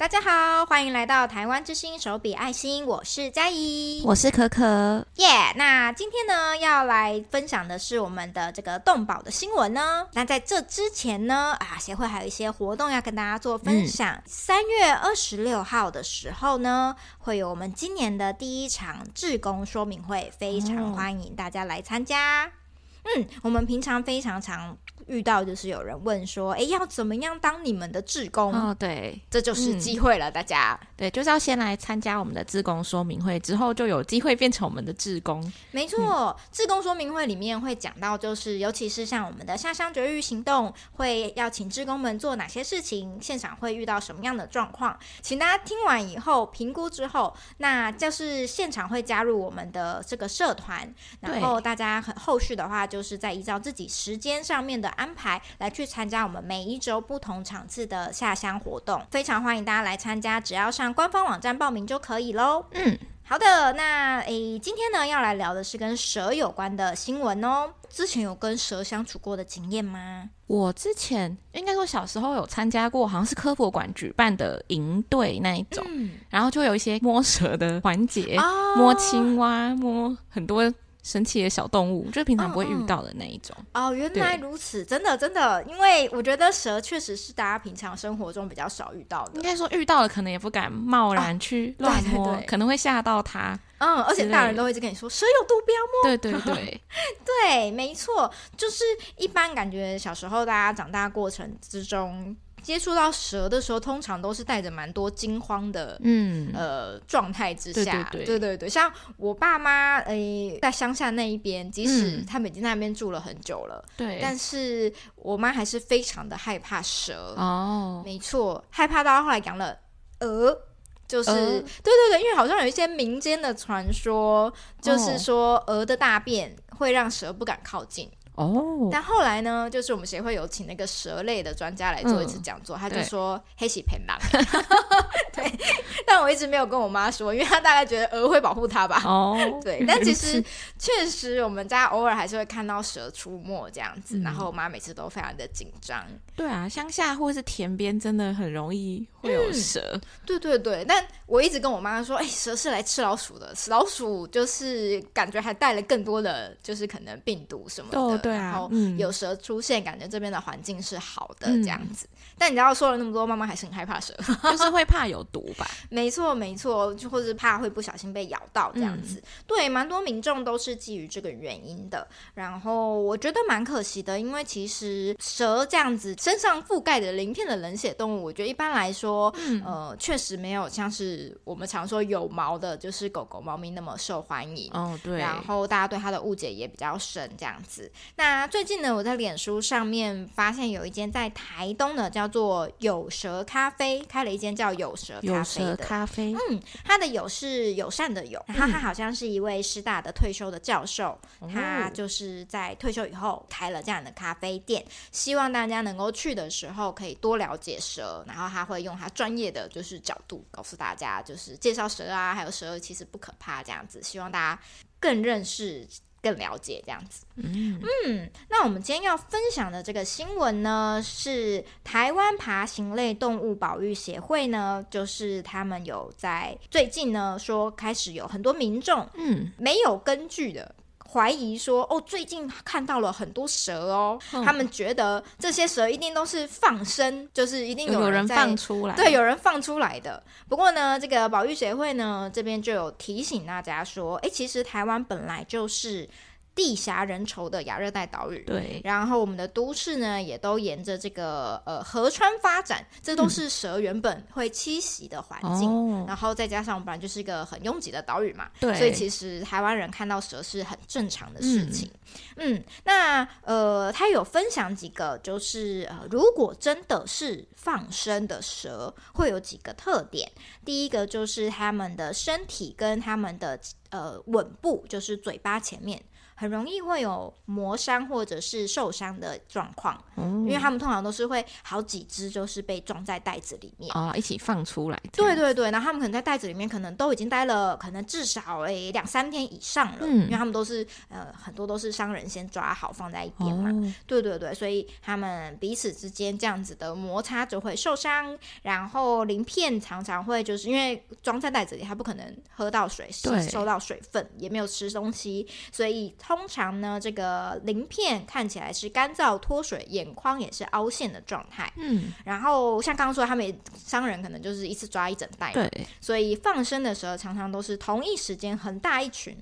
大家好，歡迎來到台灣之星手筆愛心，我是佳怡，我是可可，耶、yeah。那今天呢，要來分享的是我們的這個動保的新聞呢。那在這之前呢，啊，協會還有一些活動要跟大家做分享。三、嗯、月二十六號的時候呢，會有我們今年的第一場志工說明會，非常歡迎大家來參加。哦嗯，我們平常非常常遇到，就是有人問說：“哎，要怎麼樣當你們的志工？”哦，對，這就是機會了，嗯，大家。對，就是要先來參加我們的志工說明會，之後就有機會變成我們的志工。沒錯，嗯，志工說明會裡面會講到，就是尤其是像我們的下鄉絕育行動，會要請志工們做哪些事情，現場會遇到什麼樣的狀況，請大家聽完以後評估之後，那就是現場會加入我們的這個社團，然後大家很後續的話。就是在依照自己時間上面的安排來去參加我們每一周不同場次的下鄉活動，非常歡迎大家來參加，只要上官方網站報名就可以嘍。嗯，好的，那誒、欸，今天呢要來聊的是跟蛇有關的新聞哦、喔。之前有跟蛇相處過的經驗嗎？我之前應該說小時候有參加過，好像是科博館舉辦的營隊那一種、嗯，然後就有一些摸蛇的環節、哦，摸青蛙，摸很多。神奇的小動物，就平常不會遇到的那一種。嗯嗯、哦，原來如此，真的真的，因為我覺得蛇確實是大家平常生活中比較少遇到的。應該說遇到了，可能也不敢貿然去亂摸、哦對對對，可能會嚇到它。嗯，而且大人都一直跟你說，蛇有毒，不要摸。對對對， 對，沒錯，就是一般感覺小時候大家長大過程之中。接觸到蛇的時候，通常都是帶着蠻多驚慌的，嗯，呃，狀態之下，對對對，對對對，像我爸媽，誒、哎，在鄉下那一邊，即使他們已經在那邊住了很久了，嗯，對，但是我媽還是非常的害怕蛇。哦，沒錯，害怕到後來養了鵝，就是，對對對，因為好像有一些民間的傳說，就是說鵝的大便會讓蛇不敢靠近。哦，但後來呢，就是我們協會有請那個蛇類的專家來做一次講座，嗯、他就說黑喜陪伴。對， 對，但我一直沒有跟我媽說，因為她大概覺得鵝會保護她吧。哦， 對，但其實確實，我們家偶爾還是會看到蛇出沒這樣子，嗯、然後我媽每次都非常的緊張。對啊，鄉下或是田邊真的很容易會有蛇。嗯、對對對，但我一直跟我媽說，哎，蛇是來吃老鼠的，吃老鼠就是感覺還帶了更多的，就是可能病毒什麼的。對對對啊、然後有蛇出現，嗯、感覺這邊的環境是好的這樣子、嗯。但你知道說了那麼多，媽媽還是很害怕蛇， 就是會怕有毒吧？沒錯，沒錯，就或是怕會不小心被咬到這樣子。嗯、對，蠻多民眾都是基於這個原因的。然後我覺得蠻可惜的，因為其實蛇這樣子身上覆蓋的鱗片的冷血動物，我覺得一般來說，嗯、呃，確實沒有像是我們常說有毛的，就是狗狗、貓咪那麼受歡迎。哦，對。然後大家對它的誤解也比較深，這樣子。那最近呢，我在臉書上面發現有一間在台東的，叫做有蛇咖啡，開了一間叫有蛇咖啡的。有蛇咖啡，嗯，他的有是友善的友、嗯，然後他好像是一位師大的退休的教授，他、嗯、就是在退休以後開了這樣的咖啡店、哦，希望大家能夠去的時候可以多了解蛇，然後他會用他專業的就是角度告訴大家，就是介紹蛇啊，還有蛇其實不可怕這樣子，希望大家更認識。更了解這樣子，嗯，嗯，那我們今天要分享的這個新聞呢，是台灣爬行類動物保育協會呢，就是他們有在最近呢，說開始有很多民眾，嗯，沒有根據的。懷疑說哦，最近看到了很多蛇哦、嗯，他們覺得這些蛇一定都是放生，就是一定有人在，有人放出來，對，有人放出來的。不過呢，這個保育協會呢這邊就有提醒大家說，哎、欸，其實台灣本來就是。地狹人稠的亞熱帶島嶼，對。然後我們的都市呢，也都沿着這個呃河川發展，這都是蛇原本會棲息的環境。嗯、然後再加上，本來就是一個很擁擠的島嶼嘛。對。所以其實台灣人看到蛇是很正常的事情。嗯，嗯，那呃，他有分享幾個，就是、呃、如果真的是放生的蛇會有幾個特點。第一個就是他們的身體跟他們的呃吻部，就是嘴巴前面，很容易會有磨傷或者是受傷的狀況、哦，因為他們通常都是會好幾隻，就是被裝在袋子裡面啊、哦，一起放出來，對對對，然後他們可能在袋子裡面，可能都已經待了，可能至少誒兩、欸、三天以上了、嗯，因為他們都是呃很多都是商人先抓好放在一邊嘛、哦。對對對，所以他們彼此之間這樣子的摩擦就會受傷，然後鱗片常常會就是因為裝在袋子裡，他不可能喝到水，吸收到水分也沒有吃東西，所以。通常呢，這個鱗片看起來是乾燥脫水，眼眶也是凹陷的狀態，嗯。然後像剛剛說，他們商人可能就是一次抓一整袋，對，所以放生的時候常常都是同一時間，很大一群，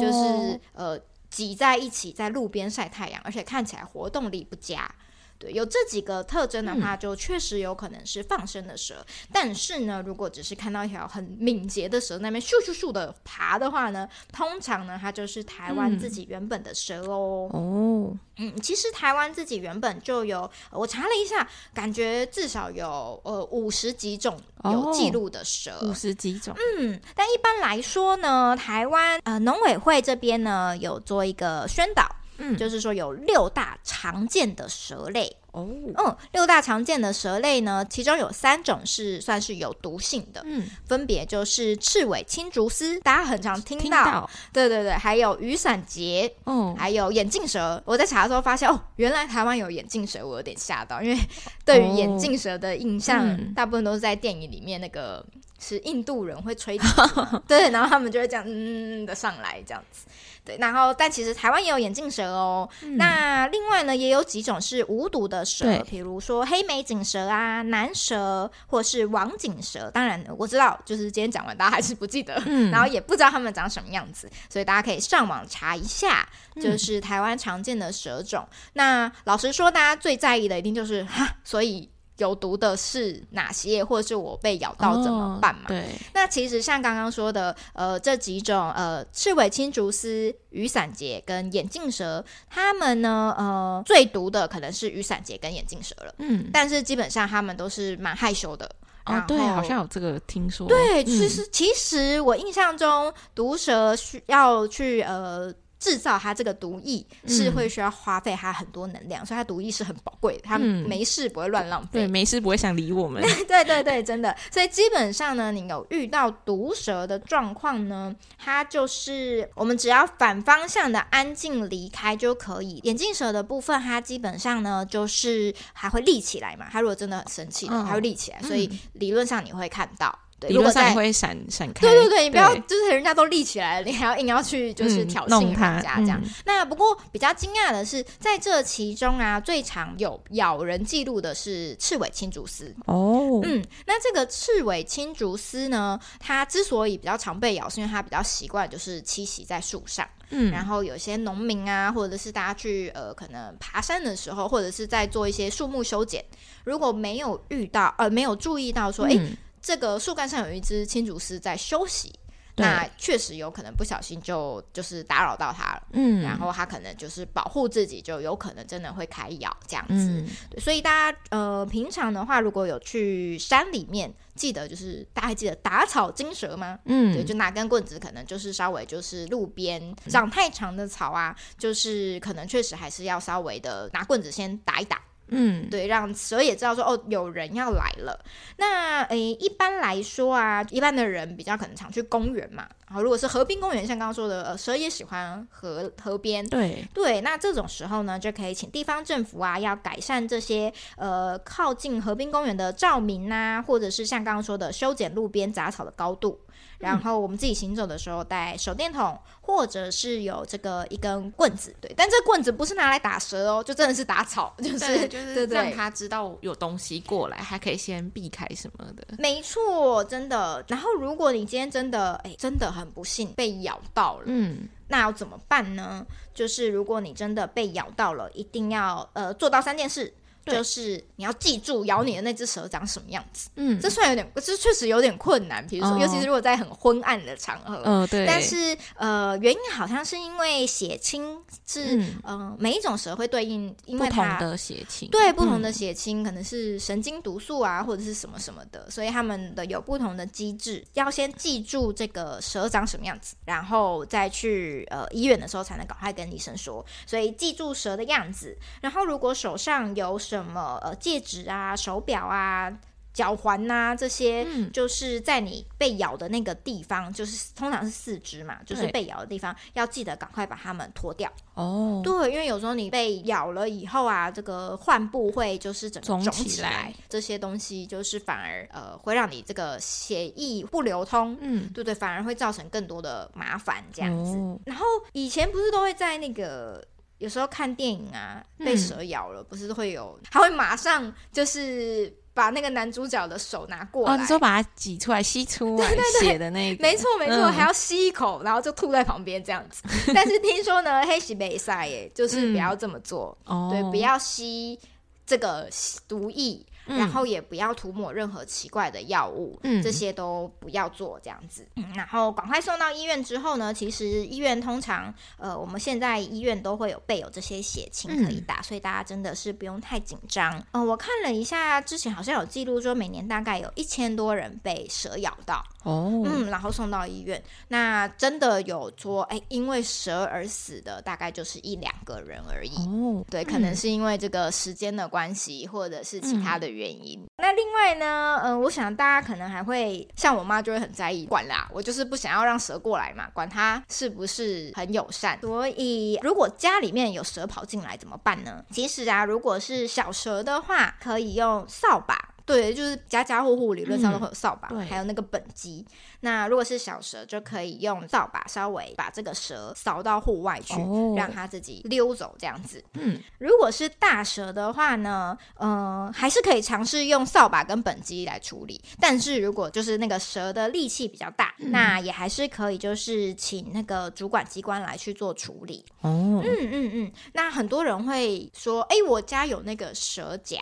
就是，oh，呃擠在一起在路邊曬太陽，而且看起來活動力不佳。對，有這幾個特徵的話，就確實有可能是放生的蛇，嗯。但是呢，如果只是看到一條很敏捷的蛇，那邊咻咻咻的爬的話呢，通常呢，它就是台灣自己原本的蛇哦。哦、嗯，嗯，其實台灣自己原本就有，我查了一下，感覺至少有呃五十幾種有記錄的蛇，哦，五十幾種。嗯，但一般來說呢，台灣呃農委會這邊呢有做一個宣導。嗯、就是說有六大常見的蛇類哦，嗯，六大常見的蛇類呢，其中有三種是算是有毒性的，嗯，分別就是赤尾青竹絲，大家很常聽到，聽到，對對對，還有雨傘節、哦，還有眼鏡蛇。我在查的時候發現哦，原來台灣有眼鏡蛇，我有點嚇到，因為對於眼鏡蛇的印象，哦、大部分都是在電影裡面那個。是印度人會吹。 對，然後他們就會講嗯的上來這樣子，對，然後但其實台灣也有眼鏡蛇哦、嗯。那另外呢，也有幾種是無毒的蛇，比如說黑眉錦蛇啊、南蛇或是王錦蛇。當然我知道，就是今天講完大家還是不記得、嗯，然後也不知道他們長什麼樣子，所以大家可以上網查一下，就是台灣常見的蛇種。嗯、那老實說，大家最在意的一定就是哈，所以。有毒的是哪些，或者是我被咬到怎麼辦嘛、哦？對，那其實像剛剛說的，呃，這幾種，呃，赤尾青竹絲、雨傘節跟眼鏡蛇，他們呢，呃，最毒的可能是雨傘節跟眼鏡蛇了。嗯，但是基本上他們都是蠻害羞的。哦，然後，對，好像有這個聽說。對，嗯、其實其實我印象中，毒蛇需要去呃。製造它這個毒液是會需要花費它很多能量，嗯，所以它毒液是很寶貴的。它沒事不會亂浪費，嗯，對，沒事不會想理我們。對對對，真的。所以基本上呢，你有遇到毒蛇的狀況呢，它就是我們只要反方向的安靜離開就可以。眼鏡蛇的部分，它基本上呢就是還會立起來嘛，它如果真的很生氣，嗯，它會立起來，所以理論上你會看到。如果在閃閃開，對對對，你不要就是人家都立起來了，你還要硬要去就是挑釁、嗯、他家這樣、嗯。那不過比較驚訝的是，在這其中啊，最常有咬人記錄的是赤尾青竹絲哦。嗯，那這個赤尾青竹絲呢，它之所以比較常被咬，是因為它比較習慣就是棲息在樹上。嗯，然後有些農民啊，或者是大家去呃，可能爬山的時候，或者是在做一些樹木修剪，如果沒有遇到呃，沒有注意到說，嗯這個樹幹上有一隻青竹絲在休息，那確實有可能不小心就就是打擾到它了，嗯，然後它可能就是保護自己，就有可能真的會開咬這樣子，嗯，所以大家呃平常的話如果有去山裡面，記得就是大家還記得打草驚蛇嗎？嗯，對，就拿根棍子，可能就是稍微就是路邊長太長的草啊，就是可能確實還是要稍微的拿棍子先打一打。嗯，對，讓蛇也知道說哦，有人要來了。那誒，一般來說啊，一般的人比較可能常去公園嘛。然後，如果是河濱公園，像剛剛說的，蛇、呃、也喜歡河河邊。對對，那這種時候呢，就可以請地方政府啊，要改善這些呃靠近河濱公園的照明啊，或者是像剛剛說的修剪路邊雜草的高度。然後我們自己行走的時候帶手電筒、嗯，或者是有這個一根棍子，對，但這棍子不是拿來打蛇哦，就真的是打草，嗯就是、就是讓他知道有東西過來，還可以先避開什麼的、嗯，沒錯，真的。然後如果你今天真的誒，真的很不幸被咬到了，嗯，那要怎麼辦呢？就是如果你真的被咬到了，一定要呃做到三件事。就是你要記住咬你的那隻蛇長什麼樣子，嗯，這算有點，這確實有點困難。比如說、哦，尤其是如果在很昏暗的場合，嗯、哦，對。但是，呃，原因好像是因為血清是，嗯、呃、每一種蛇會對應因為它不同的血清，對、嗯，不同的血清可能是神經毒素啊，或者是什麼什麼的，所以他們的有不同的機制。要先記住這個蛇長什麼樣子，然後再去呃醫院的時候才能趕快跟你醫生說。所以記住蛇的樣子，然後如果手上有蛇。什麼呃戒指啊，手錶啊，腳環吶這些、嗯，就是在你被咬的那個地方，就是通常是四肢嘛，就是被咬的地方，要記得，趕快把它們脫掉。哦、呃，對，因為有時候你被咬了以後啊，這個患部會就是整個腫起、起來，這些東西就是反而呃會讓你這個血液不流通，嗯，對對，反而會造成更多的麻煩這樣子、哦。然後以前不是都會在那個。有時候看電影啊，被蛇咬了，嗯，不是會有，他會馬上就是把那個男主角的手拿過來，哦，你說把它擠出來吸出血的那個 對對對，沒錯沒錯，嗯，還要吸一口，然後就吐在旁邊這樣子。但是聽說呢，黑喜被賽耶就是不要這麼做哦，嗯，對，不要吸這個毒液。然後也不要塗抹任何奇怪的藥物，嗯，這些都不要做這樣子、嗯。然後趕快送到醫院之後呢，其實醫院通常，呃，我們現在醫院都會有備有這些血清可以打、嗯，所以大家真的是不用太緊張。嗯、呃，我看了一下，之前好像有記錄說，每年大概有一千多人被蛇咬到，哦，嗯，然後送到醫院，那真的有說，哎，因為蛇而死的大概就是一兩個人而已。哦，對，可能是因為這個時間的關係，或者是其他的、嗯。嗯原因。那另外呢？嗯、呃，我想大家可能還會像我媽就會很在意，管啦，我就是不想要讓蛇過來嘛，管它是不是很友善。所以，如果家裡面有蛇跑進來怎麼辦呢？其實啊，如果是小蛇的話，可以用掃把。對，就是家家戶戶理論上都會有掃把、嗯，還有那個畚箕。那如果是小蛇，就可以用掃把稍微把這個蛇掃到戶外去，哦、讓它自己溜走這樣子嗯。嗯，如果是大蛇的話呢，呃，還是可以嘗試用掃把跟畚箕來處理。嗯、但是如果就是那個蛇的力氣比較大、嗯，那也還是可以就是請那個主管機關來去做處理。哦，嗯嗯嗯。那很多人會說，哎、欸，我家有那個蛇夾，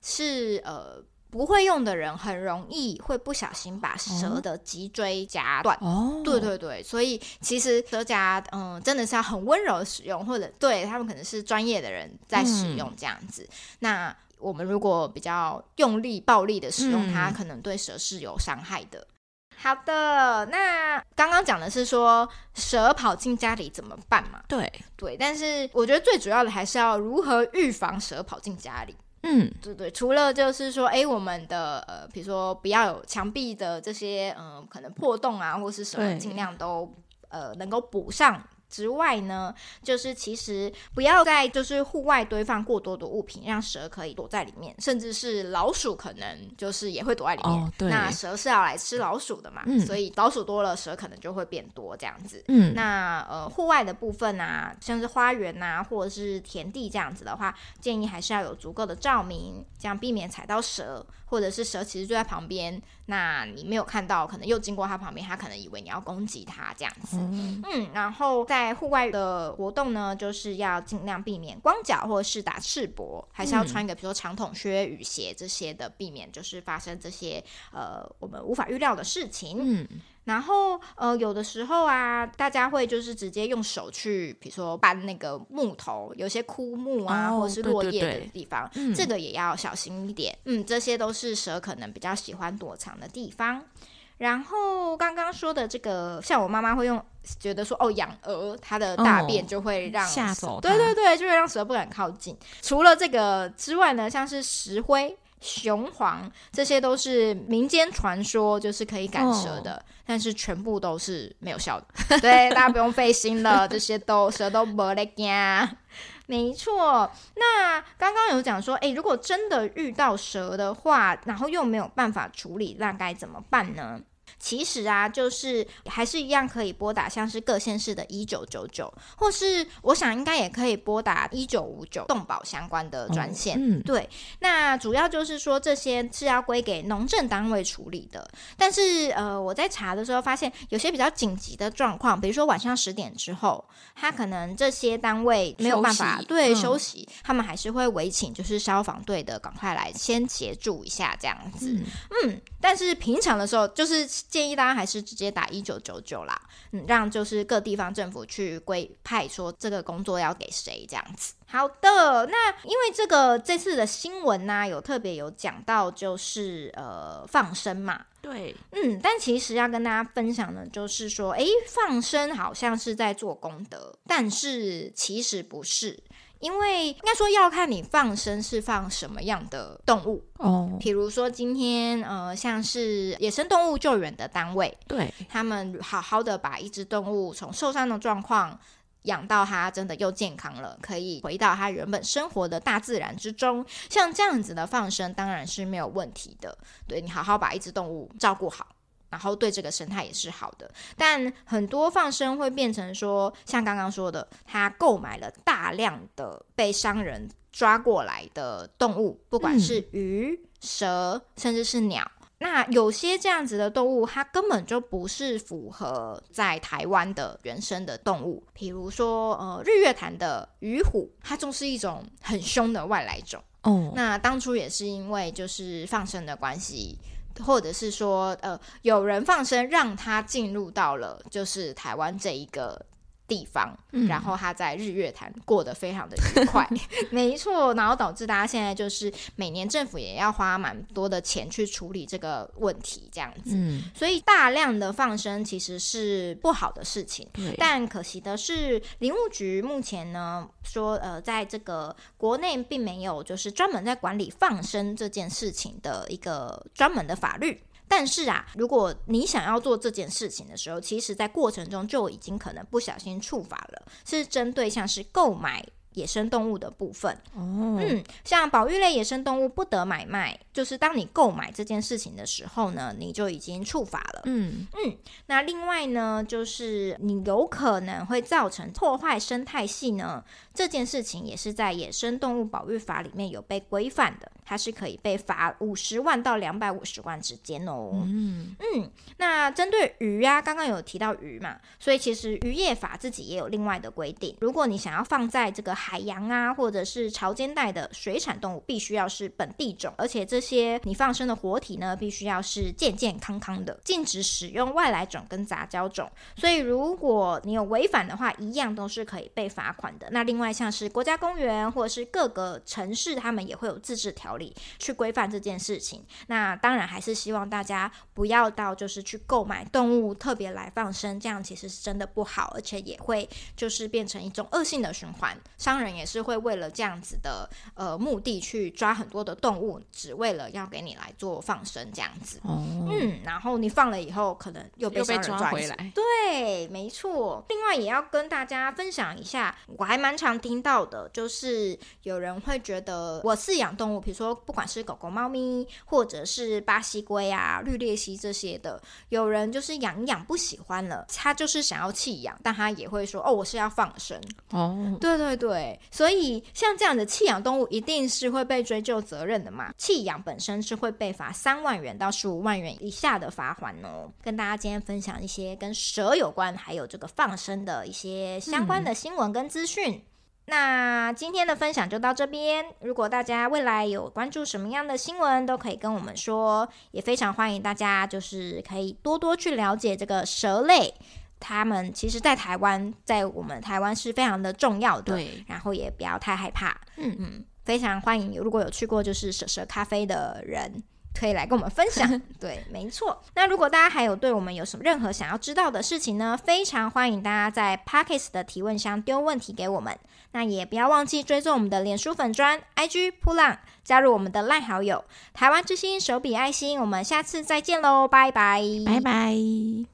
是呃。不會用的人很容易會不小心把蛇的脊椎夾斷。哦，對對對，所以其實蛇夾嗯真的是要很溫柔的使用，或者對他們可能是專業的人在使用這樣子。嗯，那我們如果比較用力暴力的使用它，嗯，可能對蛇是有傷害的。好的，那剛剛講的是說蛇跑進家裡怎麼辦嘛？對對，但是我覺得最主要的還是要如何預防蛇跑進家裡。嗯，對對，除了就是說，哎，我們的呃，比如說不要有牆壁的這些嗯、呃，可能破洞啊，或者是什麼，盡量都呃能夠補上。之外呢，就是其實不要在就是戶外堆放過多的物品，讓蛇可以躲在裡面，甚至是老鼠可能就是也會躲在裡面。哦，對，那蛇是要來吃老鼠的嘛？嗯，所以老鼠多了，蛇可能就會變多這樣子。嗯，那呃戶外的部分啊，像是花園啊或者是田地這樣子的話，建議還是要有足夠的照明，這樣避免踩到蛇。或者是蛇其實就在旁邊，那你沒有看到，可能又經過它旁邊，它可能以為你要攻擊它這樣子。嗯。嗯，然後在戶外的活動呢，就是要盡量避免光腳或是打赤膊，還是要穿一個、嗯、比如說長筒靴、雨鞋這些的，避免就是發生這些呃我們無法預料的事情。嗯。然後呃，有的時候啊，大家會就是直接用手去，比如說搬那個木頭，有些枯木啊，oh, 或是落葉的地方，對對對、嗯，這個也要小心一點。嗯，這些都是蛇可能比較喜歡躲藏的地方。然後剛剛說的這個，像我媽媽會用，覺得說哦，養鵝，它的大便就會讓、oh, 嚇走，對對對，就會讓蛇不敢靠近。除了這個之外呢，像是石灰。雄黃，這些都是民間傳說，就是可以趕蛇的，oh. 但是全部都是沒有效的，對， 大家不用費心了，這些都蛇都沒在怕。沒錯，那剛剛有講說，誒、欸，如果真的遇到蛇的話，然後又沒有辦法處理，那該怎麼辦呢？其實啊，就是還是一樣可以撥打，像是各縣市的一九九九，或是我想應該也可以撥打一九五九動保相關的專線，哦嗯。對，那主要就是說，這些是要歸給農政單位處理的。但是呃，我在查的時候發現，有些比較緊急的狀況，比如說晚上十點之後，他可能這些單位沒有辦法對休息，對休息，嗯，他們還是會委請就是消防隊的趕快來先協助一下這樣子。嗯，嗯，但是平常的時候就是。建議大家還是直接打一九九九啦，嗯，讓就是各地方政府去歸派說這個工作要給誰這樣子。好的，那因為這個這次的新聞呢、啊，有特別有講到就是呃放生嘛，對，嗯，但其實要跟大家分享的就是說，誒、欸，放生好像是在做功德，但是其實不是。因為應該說要看你放生是放什麼樣的動物哦，oh. 比如說今天呃像是野生動物救援的單位，對，他們好好的把一隻動物從受傷的狀況養到它真的又健康了，可以回到它原本生活的大自然之中，像這樣子的放生當然是沒有問題的，對，你好好把一隻動物照顧好。然後對這個生態也是好的，但很多放生會變成說，像剛剛說的，他購買了大量的被商人抓過來的動物，不管是魚、嗯、蛇，甚至是鳥。那有些這樣子的動物，它根本就不是符合在台灣的原生的動物，比如說呃，日月潭的魚虎，它就是一種很凶的外來種。哦，那當初也是因為就是放生的關係。或者是說，呃，有人放生，讓他進入到了就是台灣這一個地方，然後他在日月潭過得非常的愉快，嗯、 沒錯，然後導致大家現在就是每年政府也要花蠻多的錢去處理這個問題，這樣子、嗯，所以大量的放生其實是不好的事情，但可惜的是，林務局目前呢說，呃，在這個國內並沒有就是專門在管理放生這件事情的一個專門的法律。但是啊，如果你想要做這件事情的時候，其實在過程中就已經可能不小心觸法了，是針對像是購買野生動物的部分。哦。嗯，像保育類野生動物不得買賣。就是當你購買這件事情的時候呢，你就已經觸法了。嗯嗯，那另外呢，就是你有可能會造成破壞生態系呢，這件事情也是在野生動物保育法裡面有被規範的，它是可以被罰五十萬到兩百五十萬之間哦。嗯嗯，那針對魚啊，剛剛有提到魚嘛，所以其實漁業法自己也有另外的規定，如果你想要放在這個海洋啊，或者是潮間帶的水產動物，必須要是本地種，而且這。這些你放生的活體呢，必須要是健健康康的，禁止使用外來種跟雜交種。所以如果你有違反的話，一樣都是可以被罰款的。那另外像是國家公園或者是各個城市，他們也會有自治條例去規範這件事情。那當然還是希望大家不要到就是去購買動物特別來放生，這樣其實是真的不好，而且也會就是變成一種惡性的循環。商人也是會為了這樣子的呃目的去抓很多的動物，只為了了要給你來做放生這樣子，哦，嗯，然後你放了以後，可能又被抓回來。對，沒錯。另外也要跟大家分享一下，我還蠻常聽到的，就是有人會覺得我飼養動物，比如說不管是狗狗、貓咪，或者是巴西龜啊、綠鬣蜥這些的，有人就是養養不喜歡了，他就是想要棄養，但他也會說：“哦，我是要放生。”哦，對對對，所以像這樣的棄養動物，一定是會被追究責任的嘛？棄養。本身是會被罰三萬元到十五萬元以下的罰款哦。跟大家今天分享一些跟蛇有關，還有這個放生的一些相關的新聞跟資訊。嗯、那今天的分享就到這邊。如果大家未來有關注什麼樣的新聞，都可以跟我們說。也非常歡迎大家，就是可以多多去了解這個蛇類。他們其實，在台灣，在我們台灣是非常的重要的。對，然後也不要太害怕。嗯嗯。非常歡迎，如果有去過就是蛇蛇咖啡的人，可以來跟我們分享。 對，沒錯。那如果大家還有對我們有什麼任何想要知道的事情呢？非常歡迎大家在 Peing 的提問箱丟問題給我們。那也不要忘記追蹤我們的臉書粉專，IG 噗浪，加入我們的賴好友，台灣之星手比愛心。我們下次再見嘍，拜拜，拜拜。